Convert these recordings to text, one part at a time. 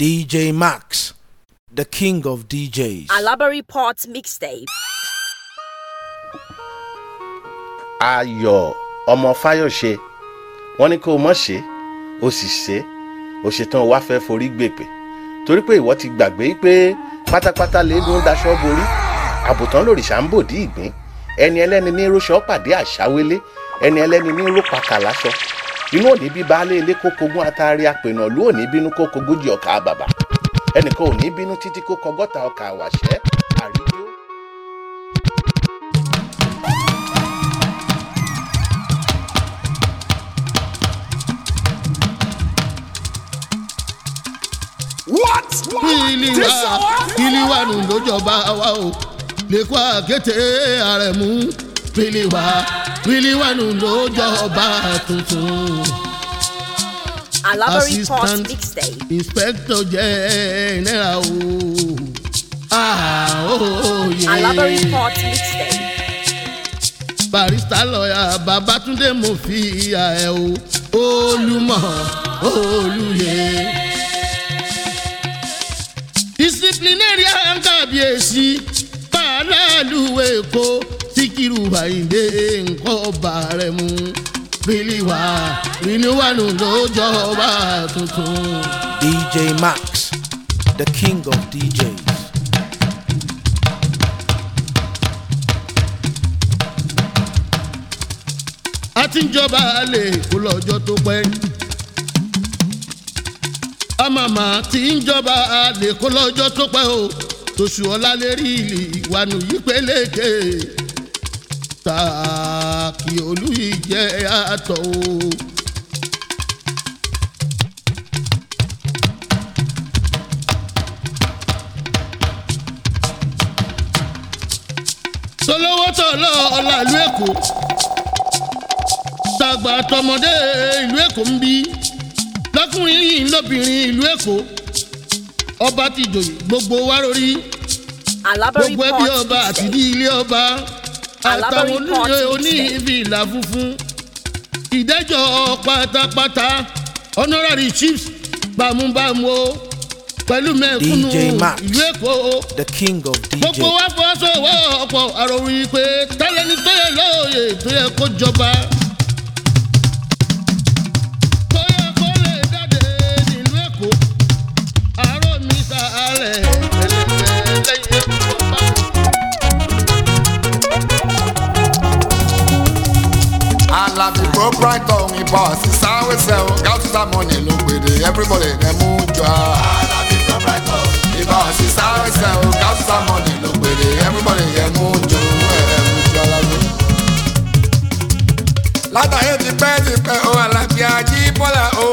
DJ Max, the king of DJs. Alabari Port Mixtape. Ayọ̀ ọmọ Fáyọ̀ṣe wọ́n ní kó o mọ̀ ṣe o sì ṣe o ṣetán o wá fẹ́ forí gbèpè torí pé ìwọ ti gbàgbé pé pátápátá lélu ń daṣọ borí àbùtán lòrìṣà ń bòdì ìgbín ẹni ẹlẹ́ni ní róṣọ́ pàdé àṣàwélé ẹni ẹlẹ́ni ní rópàkà láṣọ inú òní bí baálé ilé kó atari apènà ló òní bínú kó kogójì ọkà bàbà ẹnìkan òní bínú títí kó kọgọ́ta ọkà àwàṣẹ àrídó. ìlíwà ìlíwà nù lójọba wa o lè kó àkété àrẹ̀mú wílì wá wílì wá ọba tuntun. Alabari Mixtape. Inspector General o. Ah, oh, oh, yeah. Alabari Mixtape. Barrister lọ́yà Babatunde mo fi ìyá ẹ o. Olúmọ̀ olùyẹ. Disciplinarian kábíyèsí, bàálà lu Èkó síkírù àyíǹde nǹkan ọba rẹ̀ mú bílí wá rìníwánu lójọba tuntun. DJ Max, the king of DJs. a ti ń jọba àlè kó lọ́jọ́ tó pẹ́. àmàmà ti ń jọba àlè kó lọ́jọ́ tó pẹ́ o tòṣù ọ̀la lérí ìlì ìwànú yìí pélékè tààkì olùyíjẹ àtọ o. solówó tọ̀lọ́ ọ̀la ìlú èkó tàgbà tọmọdé ìlú èkó ń bí lọ́kùnrin yìí lóbìnrin ìlú èkó ọba ti joyè gbogbo wa lórí gbogbo ẹbí ọba àti ilé ọba àtàwọn oní fìlà funfun ìdẹ́jọ́ pátápátá honorary chiefs bámúbámú o pẹ̀lú mẹ́kúnnù ìlú èkó gbogbo wa fọwọ́sowọ́pọ̀ àròyìn pé tẹ́lẹ̀ ní tó yẹ lóòyè kó jọba. go brighton ìbọn sísá wẹsẹ o gáúsísà mọ́ni ló gbèrè everybody dem mú jọ. alábí from brighton ìbọn sísá wẹsẹ o gáúsísà Got some money, look dem mú jọ ẹ̀rù jọ lọ́wọ́. látàyè ti pẹ́ ti pẹ́ o àlàbí ají bọ́lá o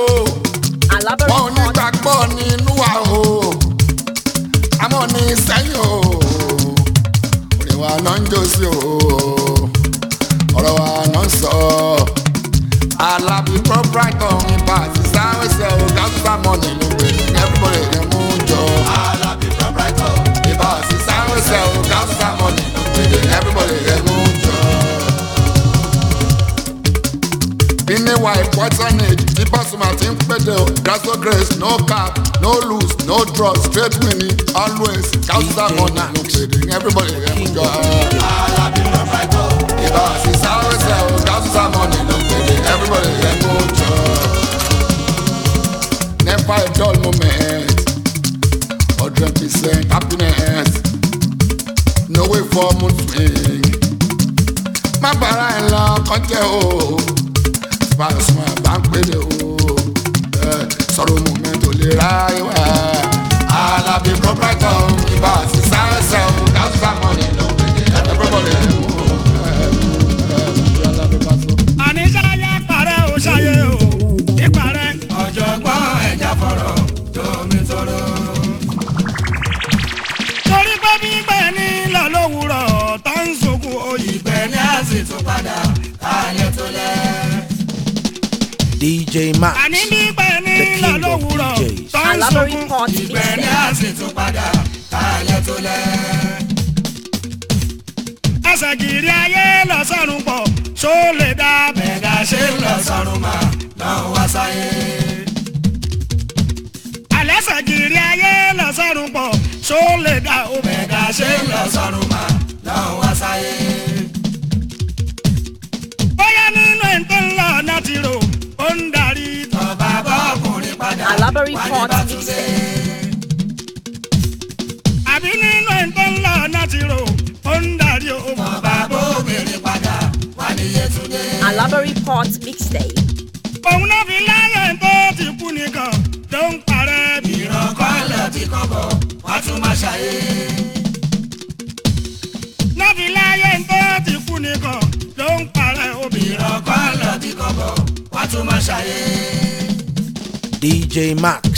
wọn ò ní gbàgbọ́ nínú wa o àmọ́ ní sẹ́yìn o òrìwà náà ń jó sí o ọ̀rọ̀ wa náà ń sọ ọ́. Alabi from Brighton in Paris. Sáwé ṣe o káfíńsà mọ́nì ló wẹ̀ ní everybody dem mú jọ. Alabi from Brighton in Paris. Sáwé ṣe o káfíńsà mọ́nì ló wẹ̀ ní everybody dem mú jọ. Bíníwá important age tí Pasuma ti ń pèdè o. Grasso grace no cap no loose no draw straight winning always káfíńsà mọ́nì ló wẹ̀ ní everybody dem mú jọ. five dull moments. Hundred percent happiness. No way for moon swing. My and love can't get old. o. Spice máa bá ń pèlè Eh, sorrow moment only ò lè ráyè wá. Alábí proprietor ìbá àti sáńsẹ̀. padà káàlẹ̀ tó lẹ̀. DJ Max àní bí gbẹ̀mí lọ lówùrọ̀ tó ń sunkún ìgbẹ̀mí á sì tún padà káàlẹ̀ tó lẹ̀. ẹsẹ̀ kiri ayé lọ sọ́run pọ̀ ṣó lè dá bẹ̀dá ṣe ń lọ sọ́run mà náà wá sáyé. àlẹ́ sẹ̀kiri ayé lọ sọ́run pọ̀ ṣó lè dá bẹ̀dá ṣe ń lọ sọ́run mà náà wá sáyé lẹ́yìn tó ń láti rò ó ń darí. tọ́ba bọ́ ọkùnrin padà wálé bá tún àbí nínú ẹ̀ tó láti rò ó ń darí o. tọ́ba bọ́ obìnrin padà wálé Yétúndé. Alabari Port mixtape. òun náà fi láyọ̀ tó ti kú nìkan tó ń parẹ́. ìrọ̀kọ́ ti kọ́ wá tún máa ṣàyè. náà fi láyọ̀ tó ti kú nìkan ló ń obìnrin ọkọ àlọ́ tí kò wá tún máa ṣàyè. DJ Max,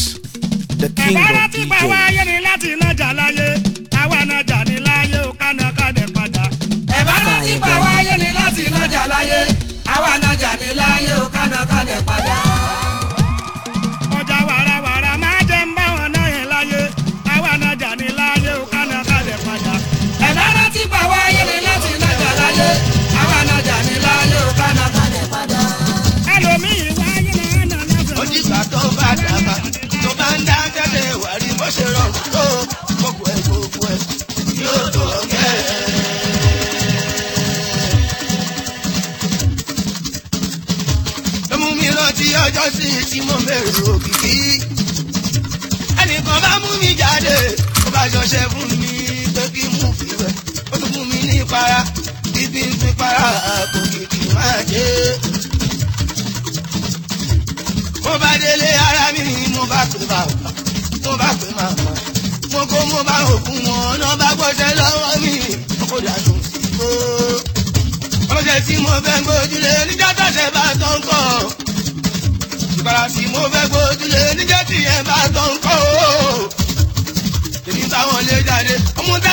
the king of DJ.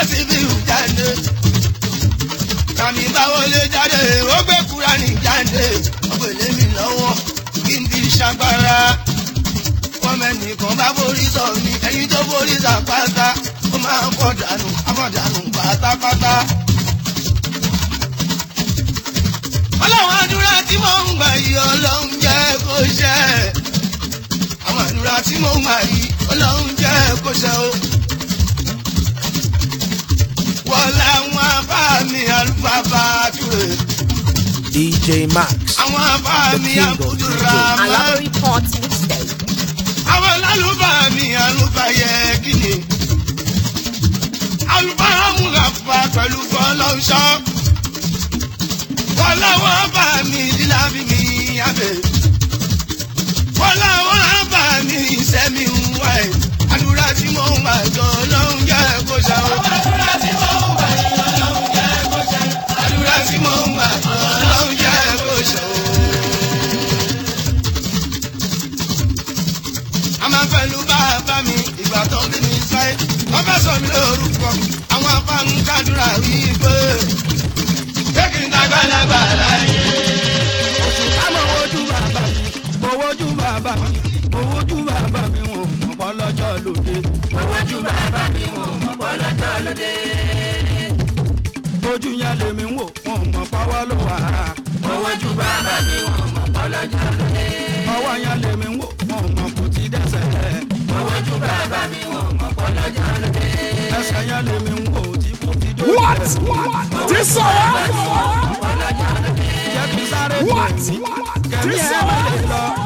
sí bí ìjáde. Kàmí báwo lè jáde, ó gbé kúra ní jáde. Ọ̀pọ̀ èlé mi lọ́wọ́, kí n fi ṣàgbára. Wọ́n mẹ́nìkan bá borí sọ mi, ẹyin tó borí sàpáta. Ó máa ń kọ̀ dànù, akọ̀dànù pátápátá. Ọlọ́run àdúrà tí mò ń gbà yìí, ọlọ́run jẹ́ kó ṣẹ. Àwọn àdúrà tí mò ń gbà yìí, ọlọ́run jẹ́ kó ṣẹ o. Bọ́lá wọn bá mi àlùfáà bá dúró. DJ Max. Àwọn bá mi Abdulrahman. Alábòrí port mixtape. Àwọn lálùbá mi àlùbáyẹ kìíní. Àlùbárà mú àfà pẹ̀lú bọ́lá ọ̀ṣọ́. Bọ́lá wọn bá mi lílábí mi àbẹ̀. bàbá mi wò mọ̀ bọ́lọ́jọ́ ló ojú yẹn lèmi wò wọn mọ̀ pọ́wọ́ ló wà. owó ju bàbá mi wò mọ̀ bọ́lọ́jọ́ ló ọwọ́ yẹn lèmi wò wọn mọ̀ kò ti dẹ́sẹ̀ lẹ̀. owó ju bàbá mi wò mọ̀ bọ́lọ́jọ́ ló ẹsẹ̀ yẹn lèmi wò tí kò ti dé. what what ti sọ̀rọ̀. what what ti sọ̀rọ̀.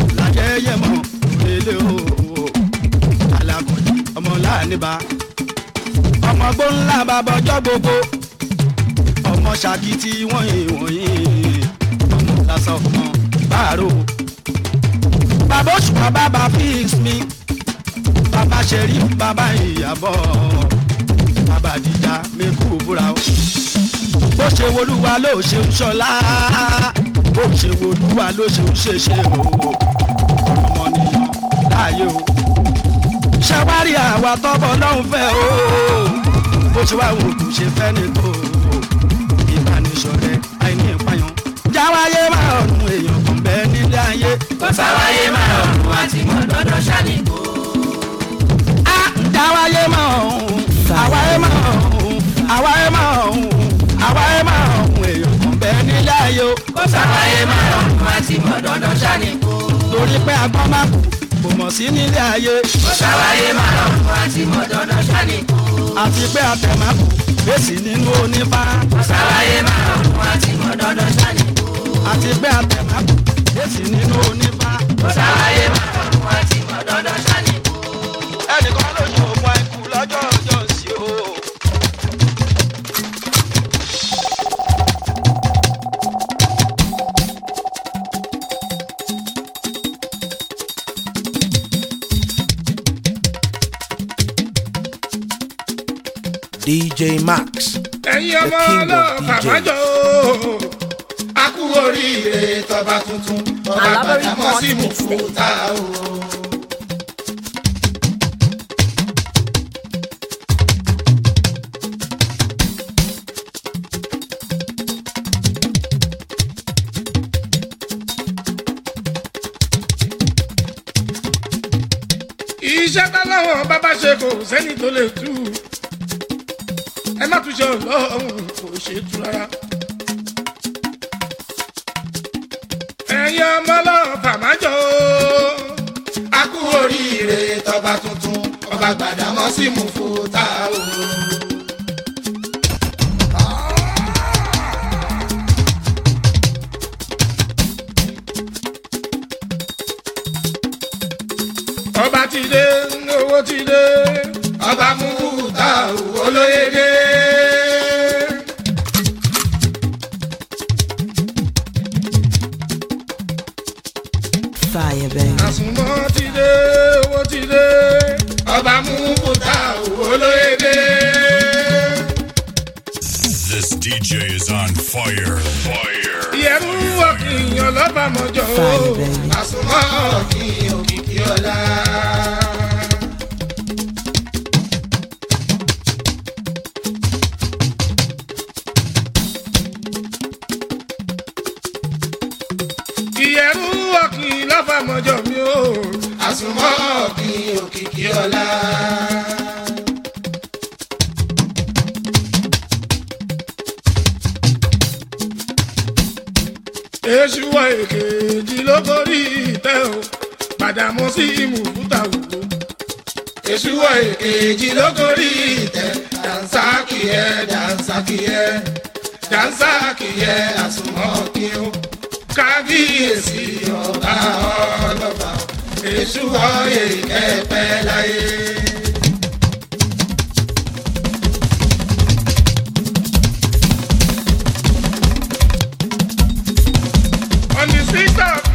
jẹ́yẹ̀ mọ́ ilé o alákọ̀ọ́jì ọmọ láàníbà ọmọ gbó ńlá bàbọ̀jọ́ gbogbo ọmọ ṣàkìtì wọ̀nyí wọ̀nyí ọmọ lásán ọmọ báàrò. bàbá òṣùpá bàbá fix mi bàbá ṣẹ̀rí bàbá ìyàbọ̀ bàbá àdìjà mẹ́kù búra o. bó ṣe wolúwa ló ṣe ń ṣọlá bó ṣe wolúwa ló ṣe ń ṣeṣe o láàyè o ṣàwárí àwa tọ́bọ̀ lọ́hùn fẹ́ o bó ṣe wá wò kò ṣe fẹ́ ni tó ìbánisọ̀rẹ́ àìní ìpayàn jáwáyé máa ọ̀run èèyàn kan bẹ́ẹ̀ nílé ayé. kò sáwáyé máa ọ̀run àti mọ̀ lọ́dọ̀ a jáwáyé máa ọ̀run àwáyé máa ọ̀run àwáyé máa ọ̀run àwáyé máa ọ̀run èèyàn kan bẹ́ẹ̀ nílé ayé. kò sáwáyé máa ọ̀run àti mọ̀ lọ́dọ̀ torí pé agbọ́n máa kú kò mọ̀ sí nílé ayé. mo ṣàlàyé máa lọ fún àti mọ̀ dandan ṣáni kú. àti pé àtẹ̀mákù fèsì nínú onífá. mo ṣàlàyé máa lọ fún àti mọ̀ dandan ṣáni kú. àti pé àtẹ̀mákù fèsì nínú onífá. mo ṣàlàyé máa fún àti mọ̀ dandan ṣáni kú. ẹnìkan ló ṣe òògùn àìkú lọ́jọ́ ọjọ́. DJ Max. ẹ̀yin ọmọ ọlọ́ọ̀kà májọ a kú oríire tọba tuntun ọba bàtàmọ́ sí mú fúta o. iṣẹ́ tá láwọn bàbá ṣe kò sẹ́ni tó lè tú u ẹ má tún ṣe ọ̀hún kò ṣe é tu rárá. ẹ̀yin ọmọ ọlọ́run fàmájọ́ a kú oríire tọba tuntun ọba Gbàdámọ́sí mú fún tá a Peter!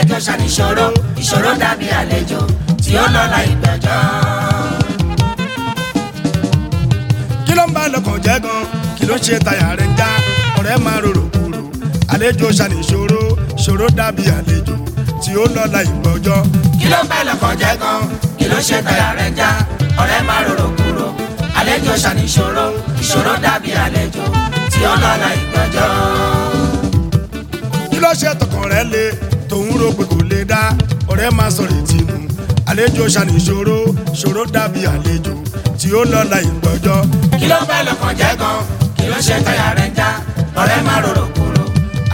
àlejò ṣàníṣòro ìṣòro dàbí àlejò tí ó lọ́la ìgbẹ́jọ́. kí ló ń bá lọkàn jẹ́ gan kí ló ṣe tayà rẹ̀ ń já ọ̀rẹ́ máa rorò kúrò àlejò ṣàníṣòro ìṣòro dàbí àlejò tí ó lọ́la ìgbẹ́jọ́. kí ló ń bá lọkàn jẹ́ gan kí ló ṣe tayà rẹ̀ ń já ọ̀rẹ́ máa rorò kúrò àlejò ṣàníṣòro ìṣòro dàbí àlejò tí ó lọ́la ìgbẹ́jọ́. kí ló ṣe tọkàn rẹ̀ le tòun rò pé lè dá ọ̀rẹ́ máa sọ̀rọ̀ ìtinú àlejò ṣàní ṣòro ṣòro dàbí àlejò tí ó lọ́la ìgbọ́jọ́. kí ló bá lọkàn jẹ́ gan kí ló ṣe tọ́yà rẹ̀ já ọ̀rẹ́ máa rorò kúrò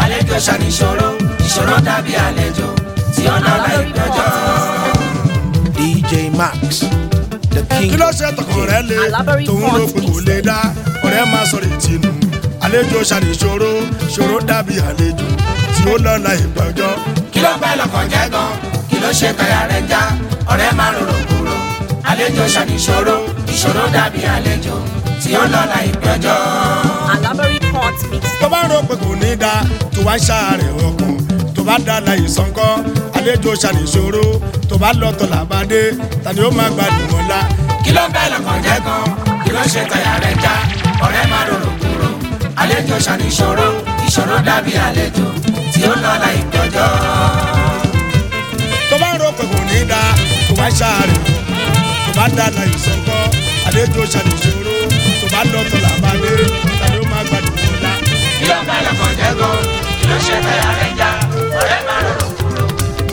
àlejò ṣàní ìṣòro ìṣòro dàbí àlejò tí ó lọ́la ìgbọ́jọ́. DJ Max the king. kí ló ṣe tọkàn rẹ lé tòun ló kò lè dá ọ̀rẹ́ máa sọ̀rọ̀ ìtinú àlejò ṣàní ìṣòro ìṣòro dàbí àlejò tí ó lọ́la ìgbọ́jọ́ kí ló bẹ lọ́kàn jẹ́ gan kí ló ṣe kọyà rẹ̀ já ọ̀rẹ́ má rorò kúrò àlejò ṣàníṣòro ìṣòro dàbí àlejò tí ó lọ la mix. tó bá rò pé kò ní da tó wá ṣàárẹ̀ ọkàn tó bá da la ìsọ̀nkọ́ àlejò ṣàníṣòro tó bá lọ tọ̀ làbàdé tàbí ó máa gbádùn ọ̀la. kí ló bẹ lọ́kàn jẹ́ gan kí ló ṣe kọyà rẹ̀ já ọ̀rẹ́ má rorò kúrò àlejò ṣàníṣòro ìṣòro dàbí àlejò tí ó lọ la ìgbọ́jọ́. tó bá ń ro pé kò ní í da kò wá ṣáàrè tó bá dá la ìṣọ̀kọ́ àlejò ṣàlè ìṣòro tó bá lọ́tọ̀ làbàdé tàbí ó máa gbàdúrà nílá. bí ọba ẹlẹ́kọ̀ọ́ jẹ́gọ́ kí ló ṣe fẹ́ ààrẹ já ọ̀rẹ́ máa rọrùn kúrò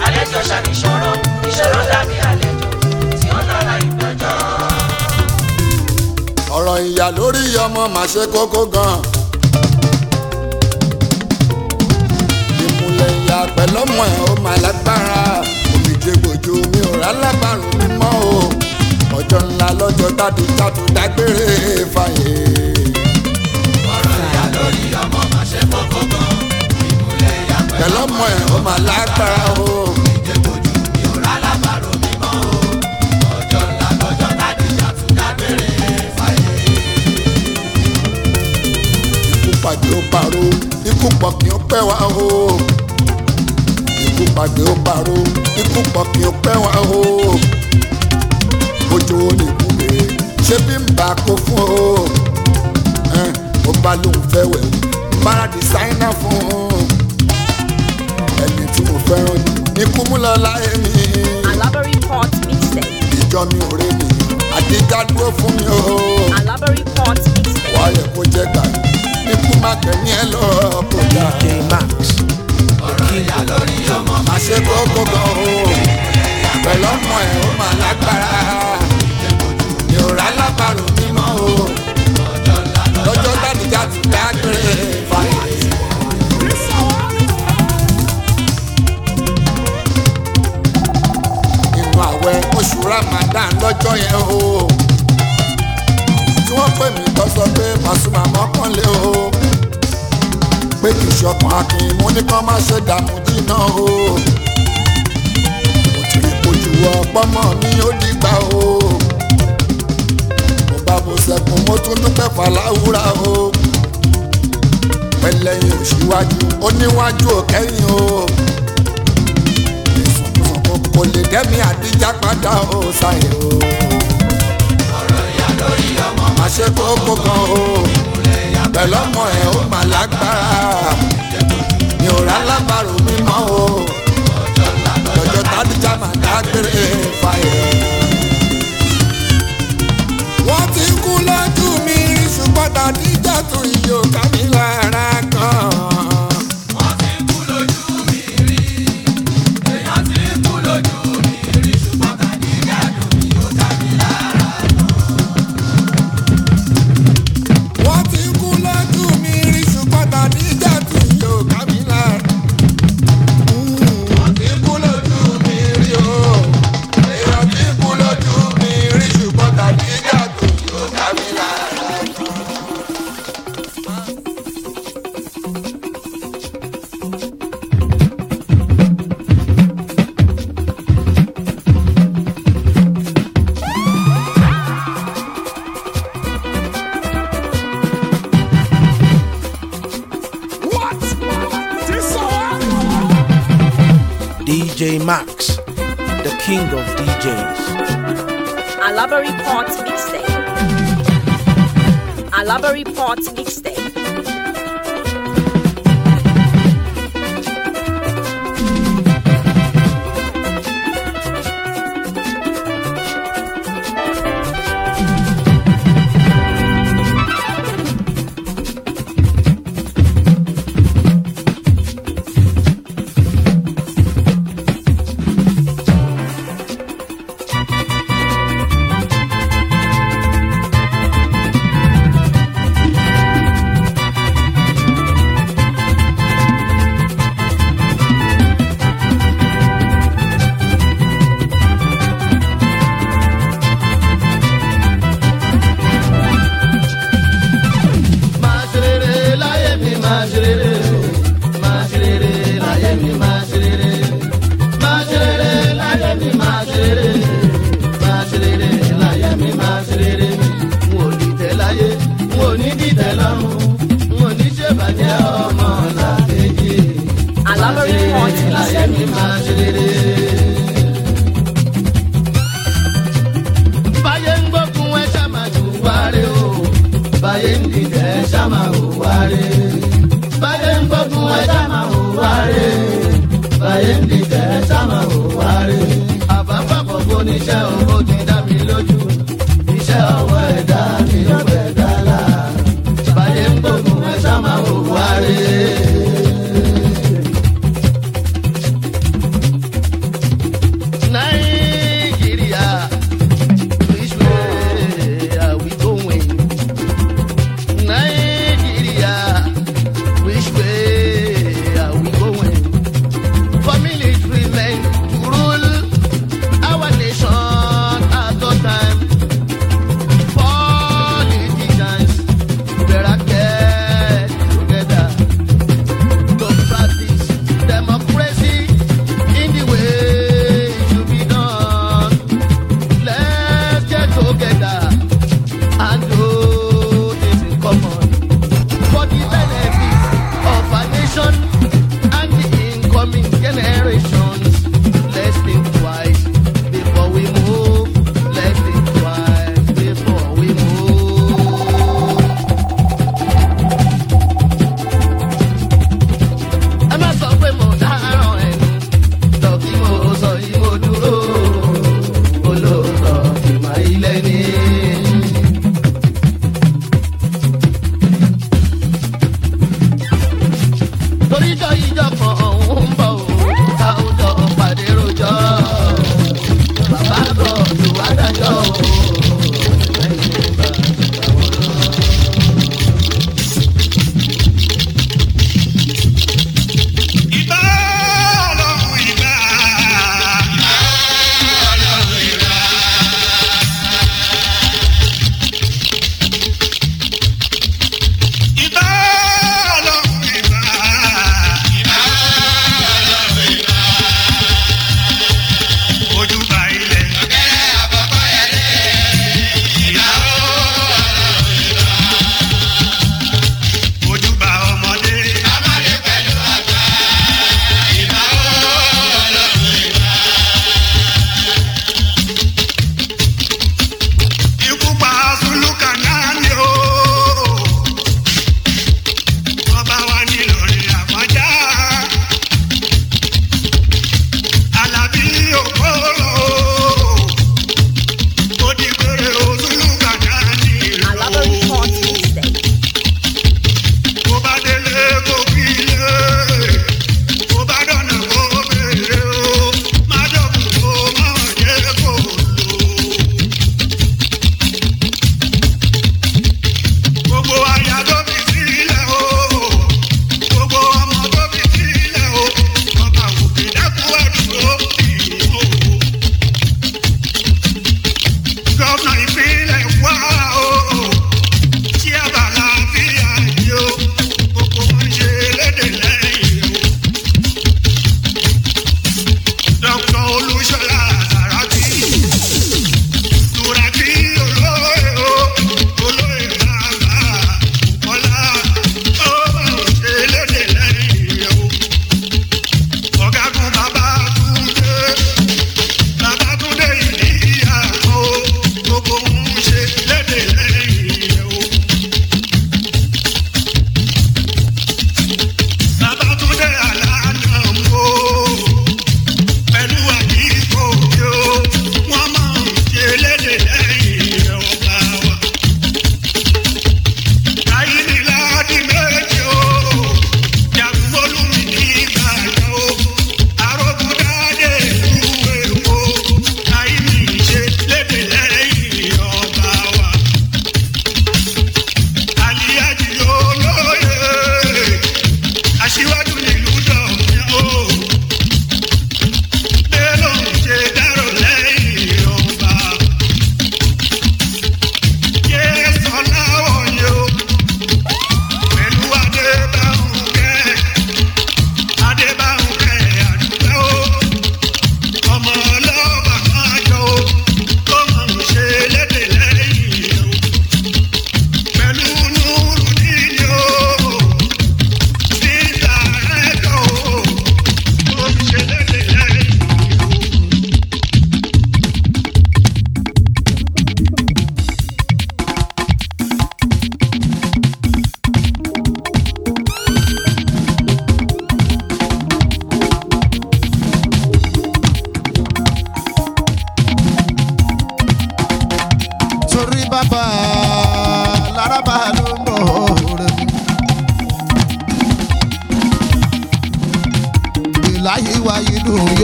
àlejò ṣàlè ìṣòro dàbí àlejò tí ó lọ la ìgbọ́jọ́. ọ̀rọ̀ ìyà lórí ọmọ màṣẹ́ kókó gan-an rẹ̀ lọ́mọ ẹ̀ ó máa lágbára òbíje gbòjú mi ò rà lágbàrún mímọ́ o ọjọ́ ńlá lọ́jọ́ dádùjádù dágbére fàyè. ọ̀rọ̀ ìyá lórí ọmọ máa ṣe fọ́kọ́ gan ìmúlẹ̀ ìyá pẹ̀lú ọmọ ẹ̀ ó máa lágbára o. pàdé ó parọ́ ikú pọ̀ kí ó pẹ́ wá o ikú pàgbé ó parọ́ ikú pọ̀kì ó pẹ́ wọn o. ojú ó lè kú lè ṣé bí n bá kó fún o. ó bá lóun fẹ́ wẹ̀ bára dìsáínà fún o. ẹni tí mo fẹ́ràn ni ikú mú lọ láyé mi. Alabari port mixtape. ìjọ mi ò rí mi àdìgá dúró fún mi o. Alabari port mixtape. wàá yẹ kó jẹ gbàgbé ikú má kẹ́ni ẹ lọ́ọ́ kó dáa. DJ Max ìyá lórí ọmọ má ṣe kókó gan o pẹ̀lú ọmọ ẹ̀ ó mà lágbára ìrora lábàrò mímọ́ o lọ́jọ́ lánìjà ti dágbére fàyè. inú àwẹ̀ oṣù Ramadan lọ́jọ́ yẹn o tí wọ́n pè mí tó pé Pasuma mọ́kànlé o pé kì í ṣọkàn akin mo ní kán má ṣe dààmú jìnnà o. mo ti rí kojú ọpọmọ mi ó dìgbà o. mo bá mo sẹ́kùn mo tún dúpẹ́ fàlàwúrà o. pẹlẹyìn òṣìwájú oníwájú òkẹyìn o. ìfúnná kò lè dẹ́mi àdíjà padà ó sáyé o. ọ̀rọ̀ ìyá lórí ọmọ. àṣekọ̀ọ́kọ̀ kan o. ìmùlẹ̀ ẹ̀. bàrò thoughts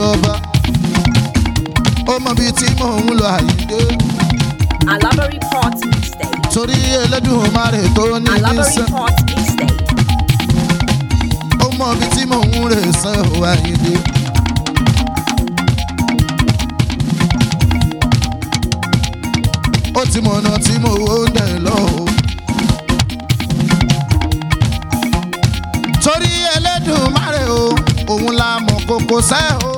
ìjọba ó mọ bíi tí mò ń lọ àyídé. Alabari Port Estate. torí Elédùmarè tó ní nísàn. Alabari Port Estate. ó mọ bíi tí mò ń rè sàn ó àyídé. ó ti mọ̀nà tí mo wó ń dẹ̀ lọ́wọ́. torí Elédùmarè o òun la mọ̀ kókó sẹ́ o.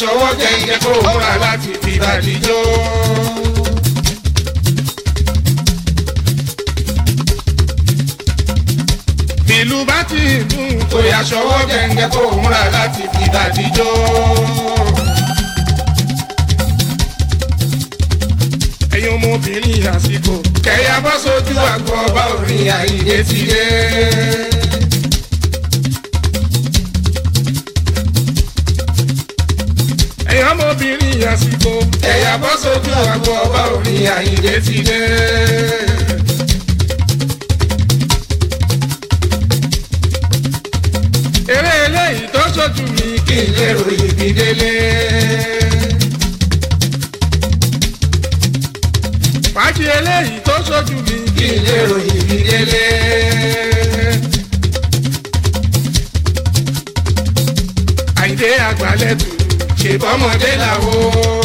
ṣọwọ́ gẹ̀ǹgẹ̀ kó múra láti fi bàdíjọ́. ìlú bá ti dùn kó yà ṣọwọ́ gẹ̀ǹgẹ̀ kó múra láti fi bàdíjọ́. ẹ̀yin ọmọbìnrin àsìkò kẹ̀yà bọ́ sójú àgọ́ ọba òrìyà ìdẹ́sídẹ́. àsìkò ẹ̀yà bọ́ sójú àgọ́ ọba orin àyíǹde ti dé. eré eléyìí tó ṣojú mi kí n lè ròyìn bí délé. fàájì eléyìí tó ṣojú mi kí n lè ròyìn ìfọmọdé làwọn.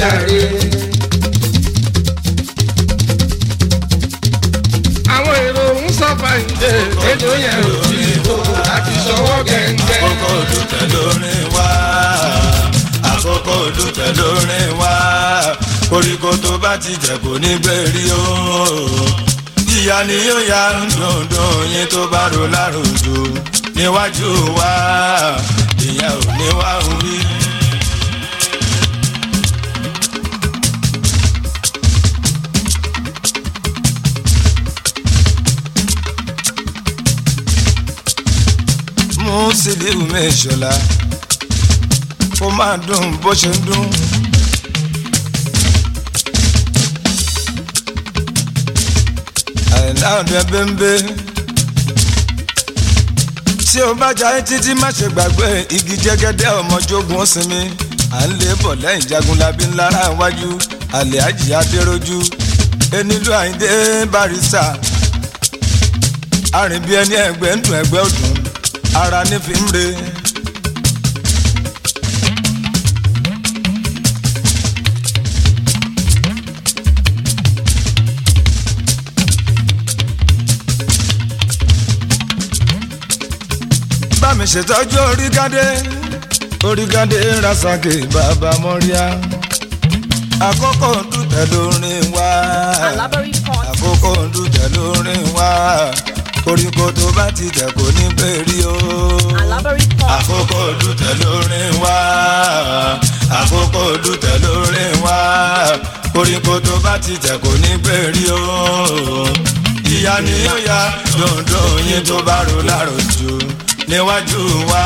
jàre. àwọn èrò ń sọ fàyìndé èdè yẹn ò tí ò láti sọwọ́ gẹ́gẹ́. àkókò dùtẹ̀ lórí wa àkókò dùtẹ̀ lórí wa koríko tó bá ti jẹ kò ní gbèrí o ìyá ni yóò ya ń yín tó bá rò láròjò níwájú wa ìyá ò ní wá orí. mú sídìrú mẹ́ṣọ́lá ó máa dùn bó ṣe ń dùn. àìlá ọ̀dọ̀ bẹ́ńbẹ́ tí o bá jayé títí má ṣe gbàgbé igi jẹ́gẹ́dẹ́ ọmọ jogun ó sinmi à ń lè bọ̀ lẹ́yìn jagunlabi ńlára iwájú àlè àjì adérójú enílù àyíndé barista arìnbí ẹni ẹgbẹ́ ń dùn ẹgbẹ́ òdùn ara ní fi ń re. bá mi ṣètọ́jú orígádé orígádé rasake bàbá mọ́ríà àkókò ń dùn tẹ̀ wá àkókò ń dùn tẹ̀ wá koríko tó bá ti tẹ̀ kò ní pèrí o. àkókò dùtẹ̀ lórí wá àkókò dùtẹ̀ lórí wá koríko tó bá ti tẹ̀ kò ní pèrí o. ìyá ni ó ya dòńdó yín tó bá ro láròjù níwájú wa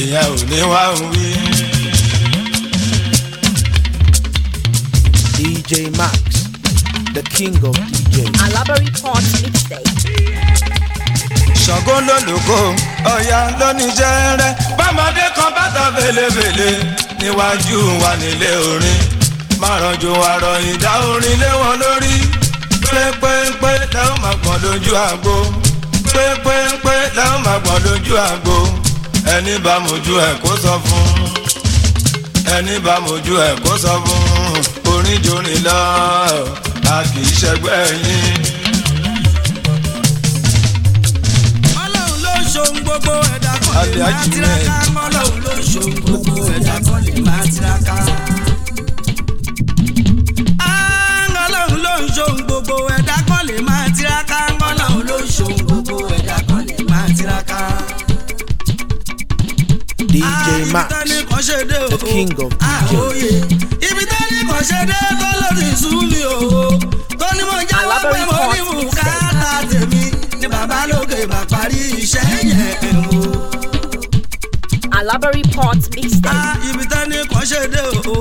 ìyẹn ò ní wá wí. DJ Max, the king of DJs. Alabari Port Mixtape ṣàngó lólùkọ́ ọ̀yà lóníjẹ́rẹ́ bọ́mọdé kan bàtà fèlèfèlè níwájú wa nílé orin márànjú àrọ̀ ìdá orin lé wọn lórí pépépé làwọn máa gbọ́n lójú àgbo pépépé làwọn máa gbọ́n lójú àgbo ẹni bá mojú ẹ̀ kó sọ fún ẹni bá mojú ẹ̀ kó sọ fún orin jorin lọ a kì í ṣẹgbẹ́ yín. gbogbo ẹ̀dá kan lè má tiraka mọ́lọ̀ olóṣò gbogbo ẹ̀dá kan lè má tiraka. ọlọ́run ló ń ṣohun gbogbo ẹ̀dá kan lè má tiraka ọlọ́run ló ń gbogbo ẹ̀dá kan lè má tiraka. DJ ah, Max, the king of DJ. Ah, ibi tó ní kò ṣe dé tó lórí ìṣú mi o. Tó ní mo jáwọ́ pé mo ní mú káàtà tèmi bàbá bá parí iṣẹ́ yẹn o. Alabari Port mixtape. a ah, ibi tán ní kàn ṣe dé o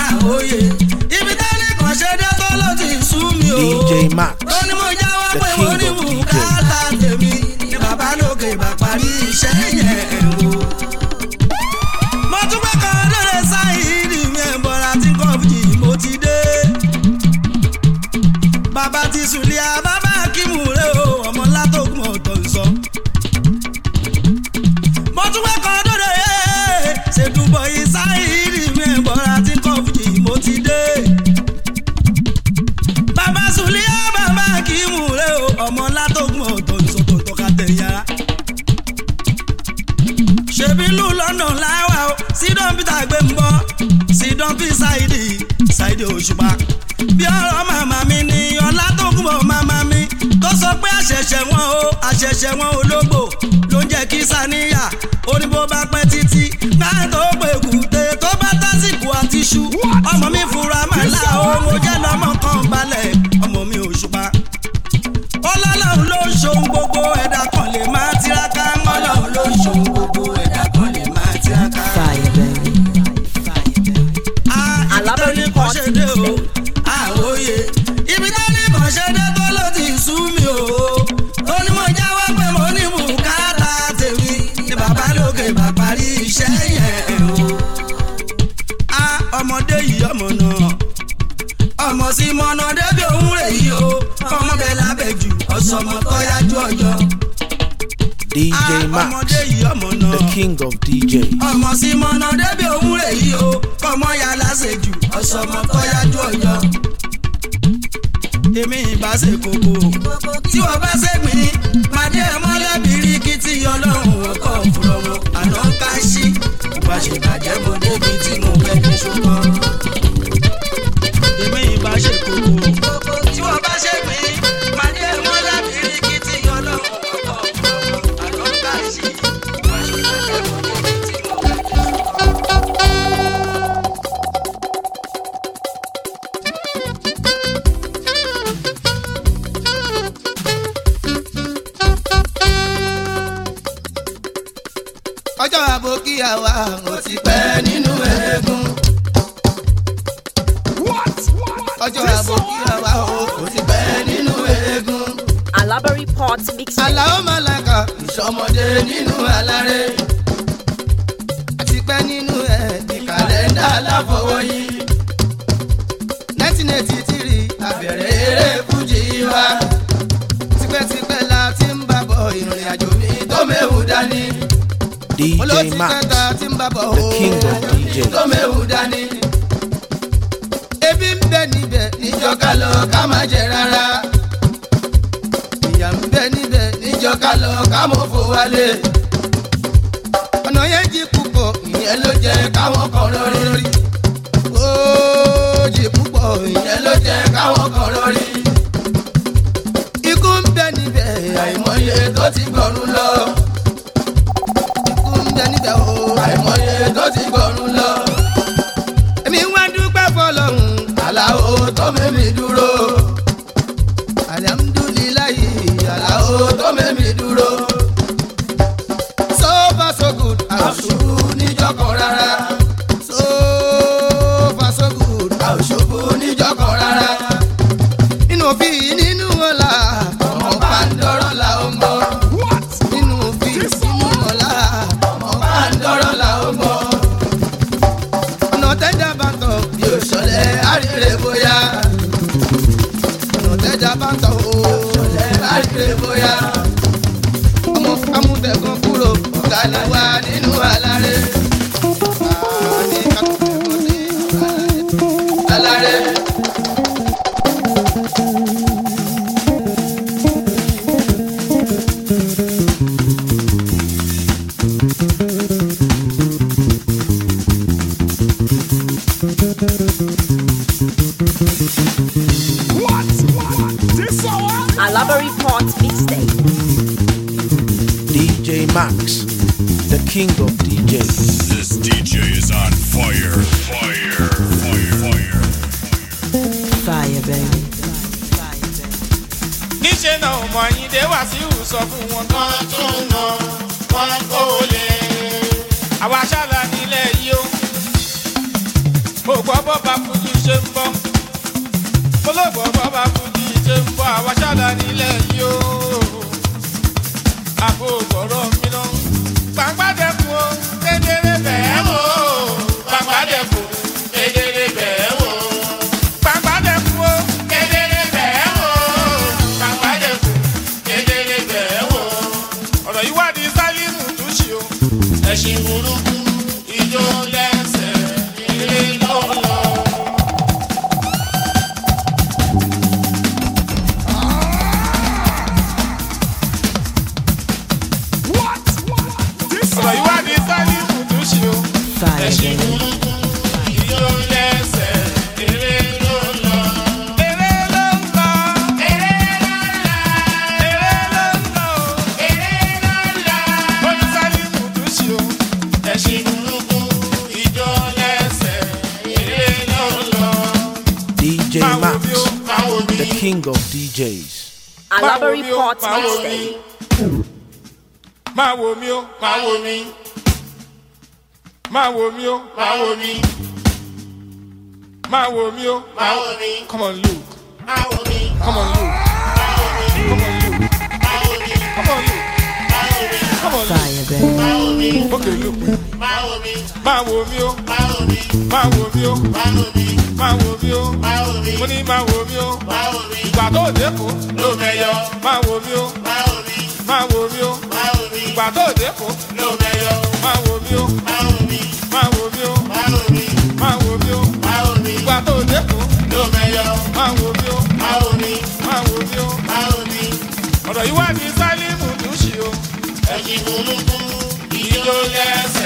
a òye ibi tán ní kàn ṣe dé tó ló ti sú mi o. DJ Max ó ní mo jáwọ́ pé mo ní bùkátà tèmi ni bàbá bá parí iṣẹ́ yẹn o. mo tún pẹ́ Kọ́fí Ṣáìdì Ṣáìdì Òṣùpá. Bí ọ̀rọ̀ màmá mi ni ọlá tó kún bọ̀ màmá mi. Tó sọ pé àṣẹ̀ṣẹ̀ wọn o, àṣẹ̀ṣẹ̀ wọn ológbò. Ló ń jẹ́ kí Sàníyà orí bó bá pẹ́ títí. Náà tó gbèkúté tó bá tásìkò àtiṣu. Ọmọ mi fura màlá o, mo jẹ́ lọ́mọ sọmọ tó yájú ọjọ́. DJ ah, Max the king of DJ. ọmọ sí mọ́nà débi òun rèyí o kọ́mọ ya lásèjù ọ̀sọ̀mọ tó yájú ọjọ́. èmi ìbá ṣe kókó tí wọ́n bá ṣe gbìn pàdé mọ́lẹ́bí rí kí tí ọlọ́run ọkọ̀ òfurufú àná ká sí wàá ṣe bàjẹ́ mọ́. ọjọ́ àbòkíra wa o kò sí bẹ́ẹ̀ nínú eégún. alabari pot mix. aláwọ̀ màlàkà ìṣọmọdé nínú aláré. àti pẹ́ nínú ẹ̀ ní kàlẹ́ndà aláfọwọ́yí. nineteen eighty three àbẹ̀rẹ̀ eré fújì wa. tipẹ́tipẹ́ la ti ń bàbọ̀ ìrìn àjò mi tó méwu dání. DJ Max, the king of DJs ebi ń bẹ níbẹ̀ níjọ́ ká lọ ká má jẹ rárá. ìyà ń bẹ níbẹ̀ níjọ́ ká lọ ká mọ̀ fò wálé. ọ̀nà yẹn jí púpọ̀ ìyẹn ló jẹ́ káwọn kan lórí lórí. ó jí púpọ̀ ìyẹn ló jẹ́ káwọn kan lórí. ikú ń bẹ níbẹ̀ àìmọye tó ti gbọ̀rún lọ. ikú ń bẹ níbẹ̀ o àìmọye tó ti gbọ̀rún lọ. o tó mẹ́mi dúró. Max, the king of DJs. This DJ is on fire, fire, fire, fire. Fire, baby. Níṣẹ́ náà ọmọ yín dé wá sí ìwòsàn fún wọn. Wọ́n tún nà wọ́n kó lè. Àwa ṣáàlà nílẹ̀ yìí ó. Mo gbọ́ bọ́ba Fuji ṣe ń bọ́. Mo lọ gbọ́ bọ́ba Fuji ṣe ń bọ́. Àwa ṣáàlà nílẹ̀ yìí. wò mí máa wò mí o máa wò mí máa wò mí o máa wò mí come on Luke máa wò mí come on Luke máa wò mí come on Luke máa wò mí come on Luke máa wò mí come on Luke máa wò mí okay Luke máa wò mí máa wò mí o máa wò mí máa wò mí o máa wò mí máa wò mí o máa wò mí mo ní máa wò mí o máa wò mí ìgbà tó dé kù ló mẹyọ máa wò mí o máa wò mí. máa wò mí o ìgbà tó dé kó máa wò mí o máa wò mí o máa wò mí o ìgbà tó dé kó máa wò mí o máa wò mí o ọ̀rọ̀ yìí wà ní sálífù tó ṣe o. ẹ̀sìn burúkú ìyó lẹ́sìn.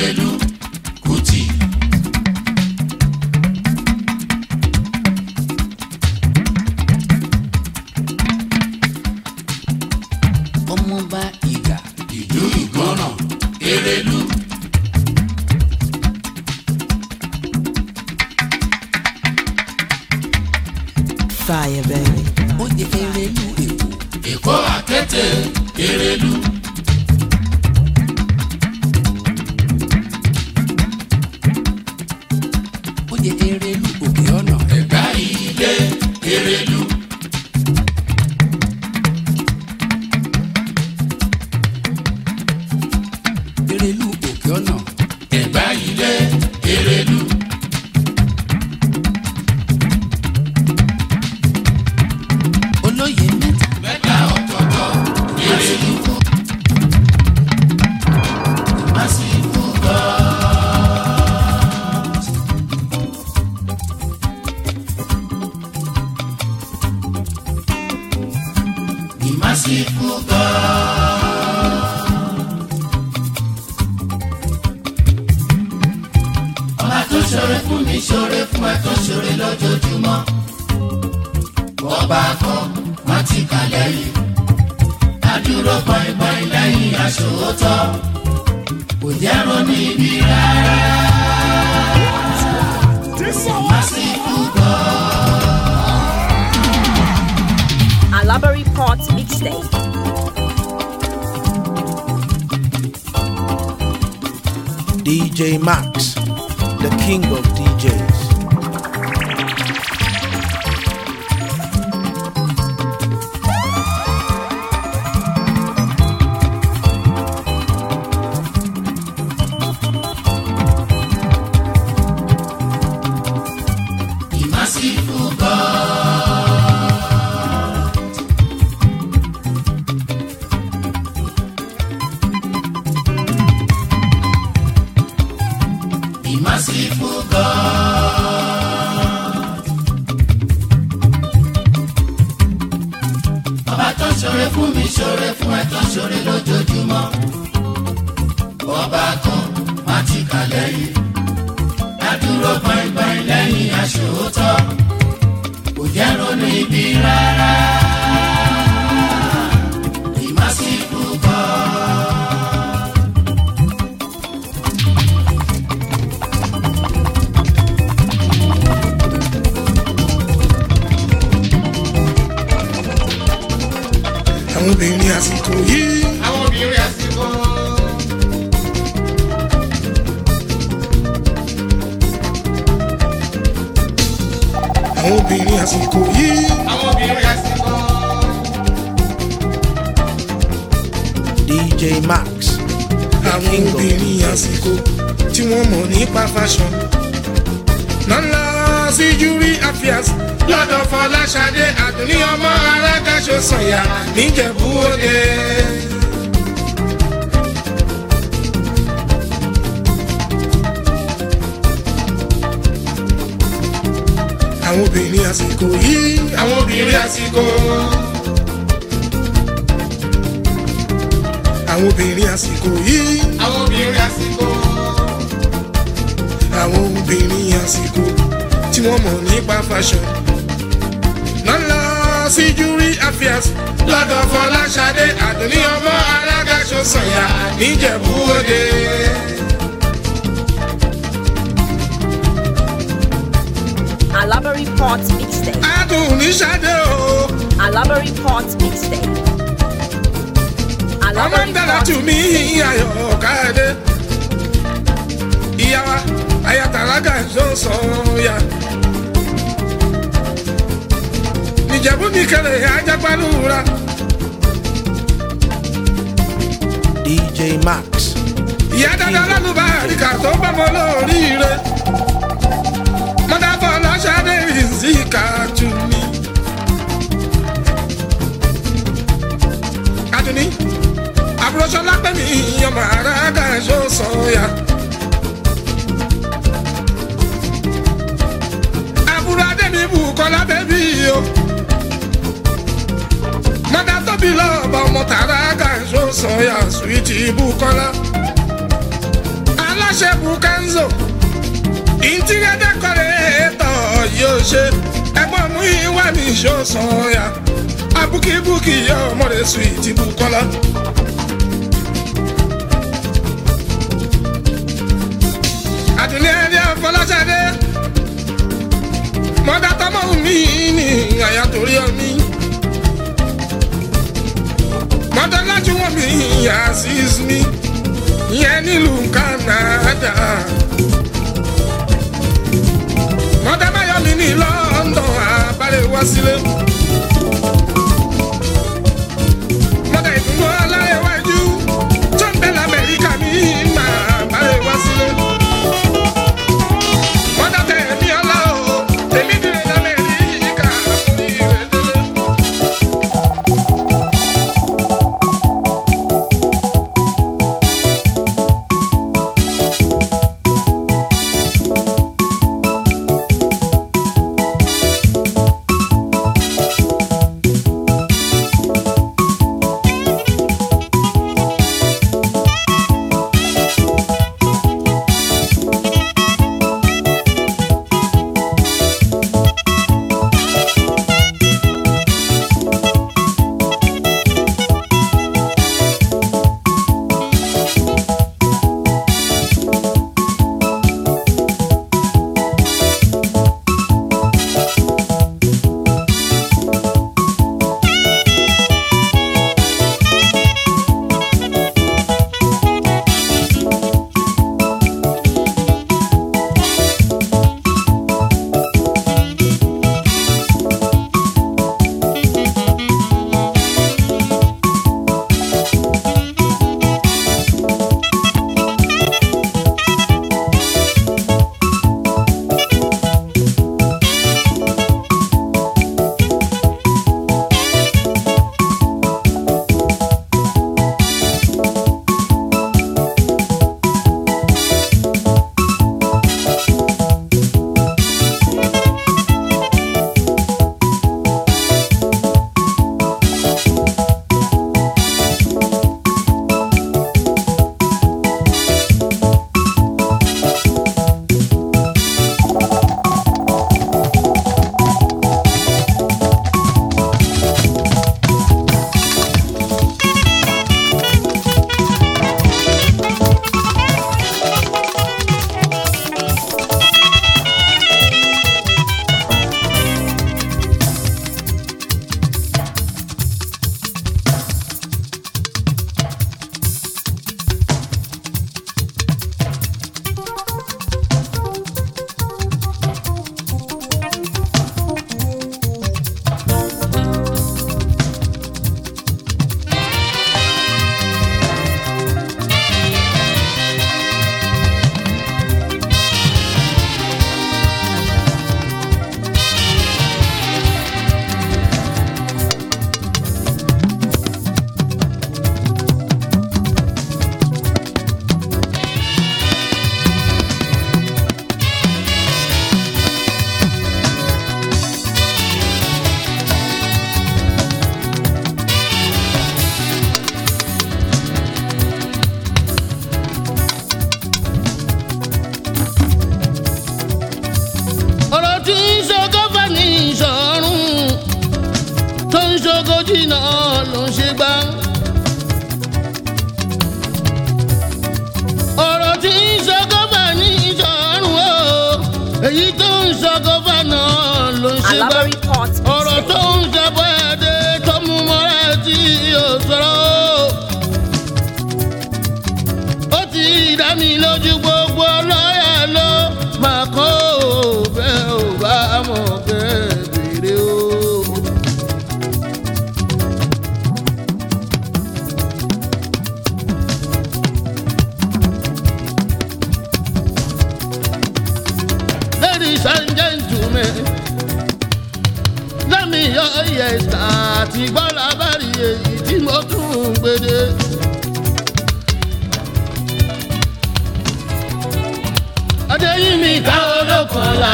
Yeah. affairs lọ́dọ̀ fọláṣadé àdùnní ọmọ alágàṣọ sọ̀yà níjẹ̀bú òde. Alabari Port Mixtape. Adùnní Ṣadé o. Alabari Port Mixtape. Ọmọ ń dára tù mí ayọ̀ káyọ̀dé. Ìyá wa, ayatollah gàdúrà sọ̀rọ̀ ya. ìjẹ̀bú mi kẹlẹ̀ ajágbálúra. DJ Max. ìyá dada lálùbá àríkà tó bá mọ lóríire. mọ́tàbọ̀ lọ́sàdé ìzíkà tù mí. Adùnní lápẹ́ mi ìyọ̀mọ̀ àràgà ẹ̀ṣọ́ sọ̀ọ́yà. àbúrò adé mi bù kọ́lá bẹ́ẹ̀ bí o bí lọ́ọ̀bà ọmọ tàràkà ṣó sọ̀yà swíìtì Bùkọ́lá aláṣẹ bukanzo interior decorator yóò ṣe ẹ̀gbọ́n mú ìwà mi ṣó sọ̀yà abukibuki yọ ọmọdé swíìtì Bùkọ́lá. àdùnní ẹni àfọláṣadé mọ́gàtọ́mọ́ mi ní àyàtòrí ọ̀mí bàtà láti wọ́n mi Azeez mi yẹn nílùú Canada mọ̀tàbáyọ̀ mi ní London àbálẹ̀ wá sílé. gbọ́dún gbèdé. adéyìnmí ká olókànlá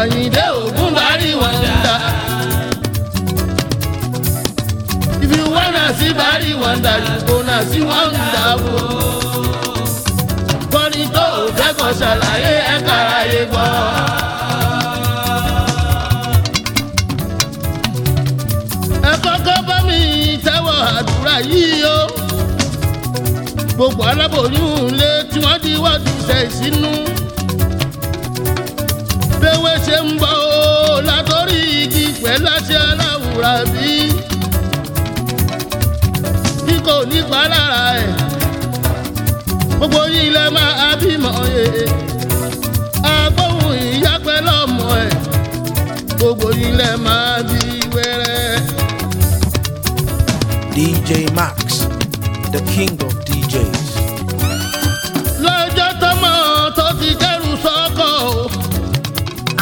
àyìndé ògún bá rí wọn dá. if you wanna see bá rí wọn dá you gonna see wọn dá o. kọ́ni tó o fẹ́ kọ́ ṣàlàyé ẹ̀ka ayé gbọ́. gbogbo aláboyún ilé tí wọ́n ti wá ti sẹ̀ Béwé ṣe ń bọ̀ ó látọ́rí igi pẹ̀lú àṣẹ aláwùrà bí. Bí kò lára ẹ̀, gbogbo yìí lẹ máa bímọ yẹ. Agbóhùn ìyá pẹ̀lú ọmọ ẹ̀, gbogbo yìí lẹ máa bí wẹ́rẹ́. DJ Max, the king of James. lọ́jọ́ tọmọ tó ti dẹ́rù sọ́kọ̀ o.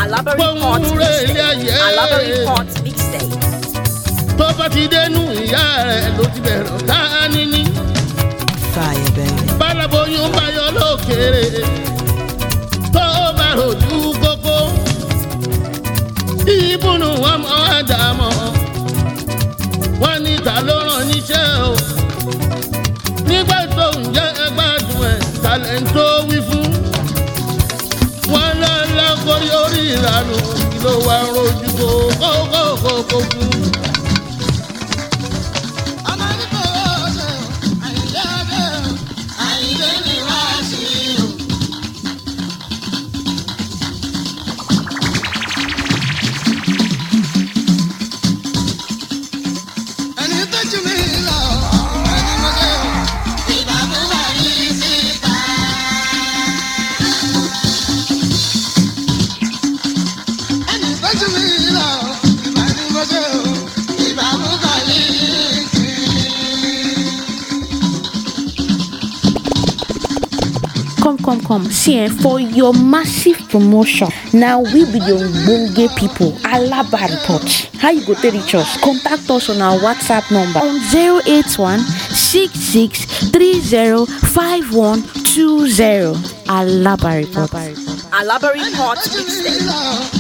Alabari Port Alabari Port Big State. tó bá ti dénú ìyá rẹ̀ ló ti bẹ̀rẹ̀ ọ̀tá níní. fààyè bẹ́ẹ̀. bálaboyún bayọ lókèrè tó bá rojú kókó ìbùnú ọmọ àdàmọ́ wọ́n ní ló rán níṣẹ́ o nígbà tó ń jẹ́ ẹgbàdùn ẹ̀ tàlẹ̀ tó wí fún. wọ́n lọ́ọ́ lọ́ọ́ come, come. See, eh, for your massive promotion, now we be your bonge people. Alaba report. How you go to reach us? Contact us on our WhatsApp number on 081 Alaba report. Alaba report. Alaba report.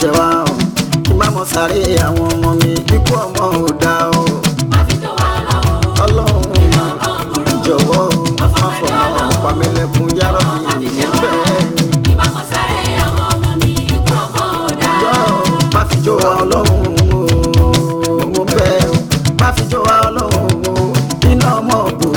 ṣe wá o kí má mọ sáré àwọn ọmọ mi ikú ọmọ ò dá o. ọlọ́run mà jọ̀wọ́ má fọ̀nà pàmílẹ̀kùn yàrá mi níbẹ̀. má fi jó wa ọlọ́run o mo bẹ̀ o má fi jó wa ọlọ́run o iná ọmọ ògùn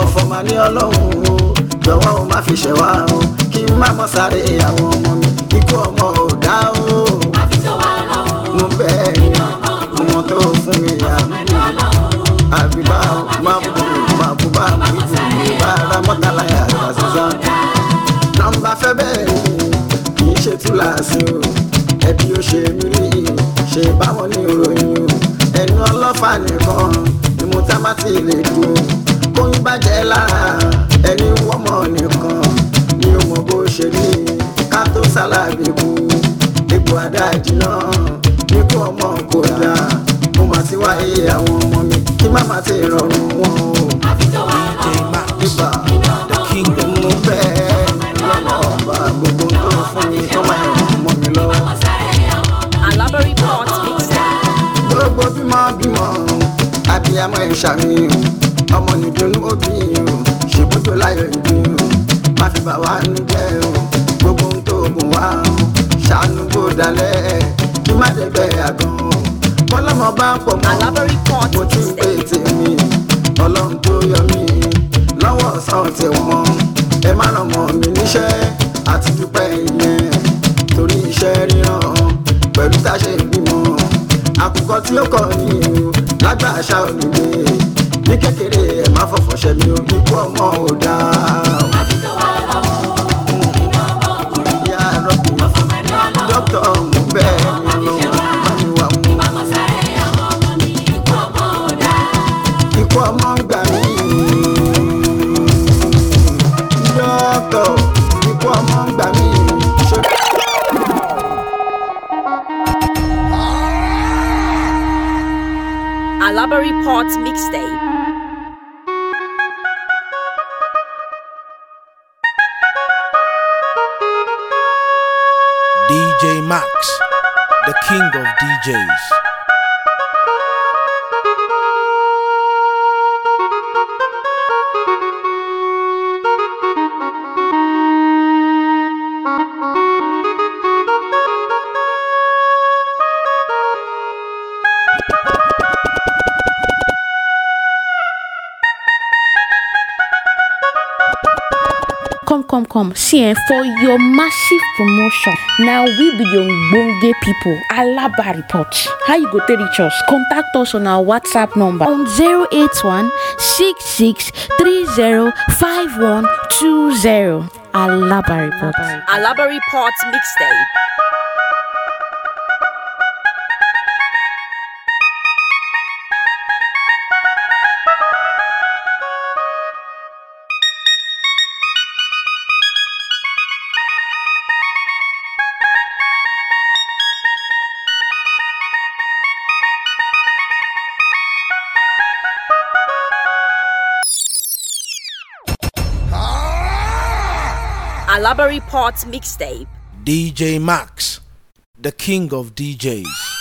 ọ̀fọ̀ mà ní ọlọ́run o jọ̀wọ́ má fi ṣẹ̀ wá o kí má mọ sáré àwọn ọmọ mi ikú ọmọ ò ga o mo bẹ́ẹ̀ ni mo tó fún mi yá àbíbá máa bù máa bù bá mi jù mí bá ara mọ́tàlá yàrá sísan nọ́mbà fẹ́ bẹ́ẹ̀ kì í ṣe túláàsì o ẹbí ó ṣe mí rí ṣe báwọn ní ìròyìn o ẹnu ọlọ́fà nìkan ni mo tá má ti lè dùn ó ń bàjẹ́ lára ẹni wọ́mọ nìkan ni ó mọ bó ṣe ní ká tó sálábì kú àwàdà jìnnà ikú ọmọ kò dà mo mà ti wá iye àwọn ọmọ mi kí má má ti rọrùn wọn o. ìgbà ìgbà mi o ọmọ nìdùnnú òbí o ṣèbúdó láyọ̀ ìdí o má fi bà wá nínú o gbogbo ohun tó mú wá o dalẹ̀ kí má ṣe bẹ àgàn bọ́lọ́mọ bá ń pọ̀ mọ́ mo ti pè tèmi ọlọ́run tó yọ mí lọ́wọ́ ọ̀sán tẹ̀ wọ́n ẹ má ràn mọ́ mi níṣẹ́ àti dúpẹ́ ìyẹn torí iṣẹ́ ríran pẹ̀lú tá a ṣe ìgbìmọ̀ àkùkọ tí ó kọ ní ìlú lágbà àṣà òdìdè ní kékeré ẹ̀ má fọ̀fọ̀ ṣẹ̀mí òbí kú ọmọ ò dáa. again for your massive promotion now we be your ogbonge people. alaba report how you go take reach us contact us on our whatsapp number on 081 66 30 5120 alaba report alaba report mixtape. Strawberry Pot Mixtape. DJ Max, the king of DJs.